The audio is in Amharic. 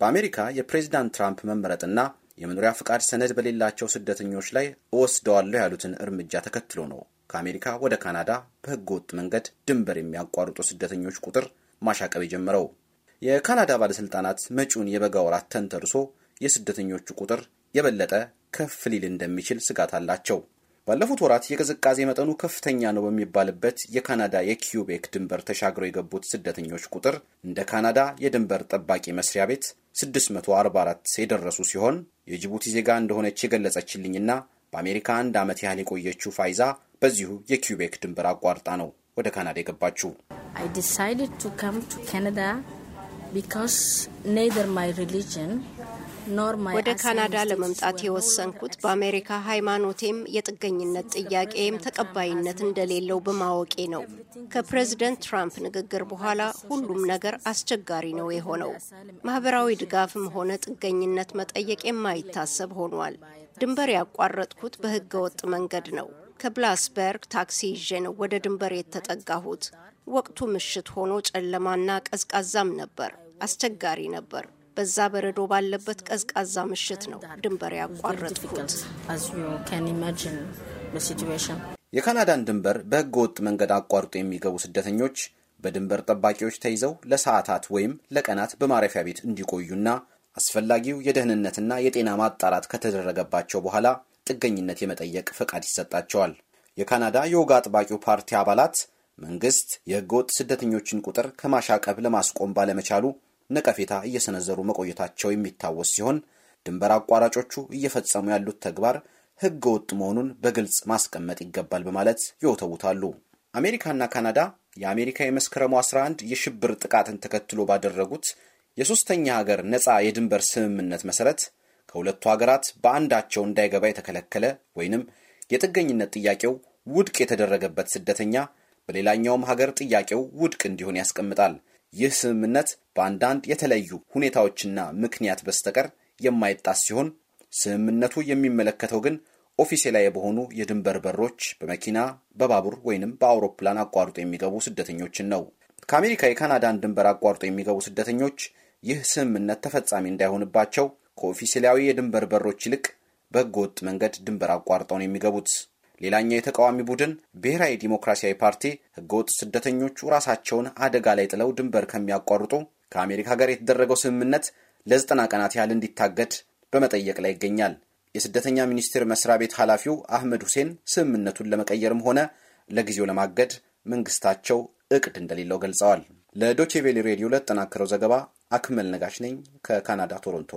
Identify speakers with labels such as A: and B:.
A: በአሜሪካ የፕሬዚዳንት ትራምፕ መመረጥና የመኖሪያ ፍቃድ ሰነድ በሌላቸው ስደተኞች ላይ እወስደዋለሁ ያሉትን እርምጃ ተከትሎ ነው ከአሜሪካ ወደ ካናዳ በሕገ ወጥ መንገድ ድንበር የሚያቋርጡ ስደተኞች ቁጥር ማሻቀብ የጀመረው። የካናዳ ባለሥልጣናት መጪውን የበጋ ወራት ተንተርሶ የስደተኞቹ ቁጥር የበለጠ ከፍ ሊል እንደሚችል ስጋት አላቸው። ባለፉት ወራት የቅዝቃዜ መጠኑ ከፍተኛ ነው በሚባልበት የካናዳ የኪዩቤክ ድንበር ተሻግረው የገቡት ስደተኞች ቁጥር እንደ ካናዳ የድንበር ጠባቂ መስሪያ ቤት 644 የደረሱ ሲሆን የጅቡቲ ዜጋ እንደሆነች የገለጸችልኝና በአሜሪካ አንድ ዓመት ያህል የቆየችው ፋይዛ በዚሁ የኪውቤክ ድንበር አቋርጣ ነው ወደ ካናዳ የገባችው።
B: I decided to come ኔር ማይ ሪሊጅን ወደ ካናዳ ለመምጣት የወሰንኩት በአሜሪካ ሃይማኖቴም የጥገኝነት ጥያቄም ተቀባይነት እንደሌለው በማወቄ ነው። ከፕሬዝደንት ትራምፕ ንግግር በኋላ ሁሉም ነገር አስቸጋሪ ነው የሆነው። ማህበራዊ ድጋፍም ሆነ ጥገኝነት መጠየቅ የማይታሰብ ሆኗል። ድንበር ያቋረጥኩት በህገ ወጥ መንገድ ነው። ከብላስበርግ ታክሲ ይዤ ነው ወደ ድንበር የተጠጋሁት። ወቅቱ ምሽት ሆኖ ጨለማና ቀዝቃዛም ነበር። አስቸጋሪ ነበር። በዛ በረዶ ባለበት ቀዝቃዛ ምሽት ነው ድንበር ያቋረጥኩት።
A: የካናዳን ድንበር በህገ ወጥ መንገድ አቋርጦ የሚገቡ ስደተኞች በድንበር ጠባቂዎች ተይዘው ለሰዓታት ወይም ለቀናት በማረፊያ ቤት እንዲቆዩና አስፈላጊው የደህንነትና የጤና ማጣራት ከተደረገባቸው በኋላ ጥገኝነት የመጠየቅ ፈቃድ ይሰጣቸዋል። የካናዳ የወግ አጥባቂው ፓርቲ አባላት መንግስት የሕገወጥ ስደተኞችን ቁጥር ከማሻቀብ ለማስቆም ባለመቻሉ ነቀፌታ እየሰነዘሩ መቆየታቸው የሚታወስ ሲሆን ድንበር አቋራጮቹ እየፈጸሙ ያሉት ተግባር ሕገ ወጥ መሆኑን በግልጽ ማስቀመጥ ይገባል በማለት ይወተውታሉ። አሜሪካና ካናዳ የአሜሪካ የመስከረሙ 11 የሽብር ጥቃትን ተከትሎ ባደረጉት የሦስተኛ ሀገር ነፃ የድንበር ስምምነት መሠረት ከሁለቱ ሀገራት በአንዳቸው እንዳይገባ የተከለከለ ወይንም የጥገኝነት ጥያቄው ውድቅ የተደረገበት ስደተኛ በሌላኛውም ሀገር ጥያቄው ውድቅ እንዲሆን ያስቀምጣል። ይህ ስምምነት በአንዳንድ የተለዩ ሁኔታዎችና ምክንያት በስተቀር የማይጣስ ሲሆን ስምምነቱ የሚመለከተው ግን ላይ በሆኑ የድንበር በሮች በመኪና በባቡር ወይንም በአውሮፕላን አቋርጦ የሚገቡ ስደተኞችን ነው። ከአሜሪካ የካናዳን ድንበር አቋርጦ የሚገቡ ስደተኞች ይህ ስምምነት ተፈጻሚ እንዳይሆንባቸው ከኦፊሴላዊ የድንበር በሮች ይልቅ በህገወጥ መንገድ ድንበር አቋርጠው ነው የሚገቡት። ሌላኛው የተቃዋሚ ቡድን ብሔራዊ ዲሞክራሲያዊ ፓርቲ ህገወጥ ስደተኞቹ ራሳቸውን አደጋ ላይ ጥለው ድንበር ከሚያቋርጡ ከአሜሪካ ጋር የተደረገው ስምምነት ለዘጠና ቀናት ያህል እንዲታገድ በመጠየቅ ላይ ይገኛል። የስደተኛ ሚኒስቴር መስሪያ ቤት ኃላፊው አህመድ ሁሴን ስምምነቱን ለመቀየርም ሆነ ለጊዜው ለማገድ መንግስታቸው እቅድ እንደሌለው ገልጸዋል። ለዶቼ ሬዲዮ ለተጠናከረው ዘገባ አክመል ነጋሽ ነኝ ከካናዳ ቶሮንቶ።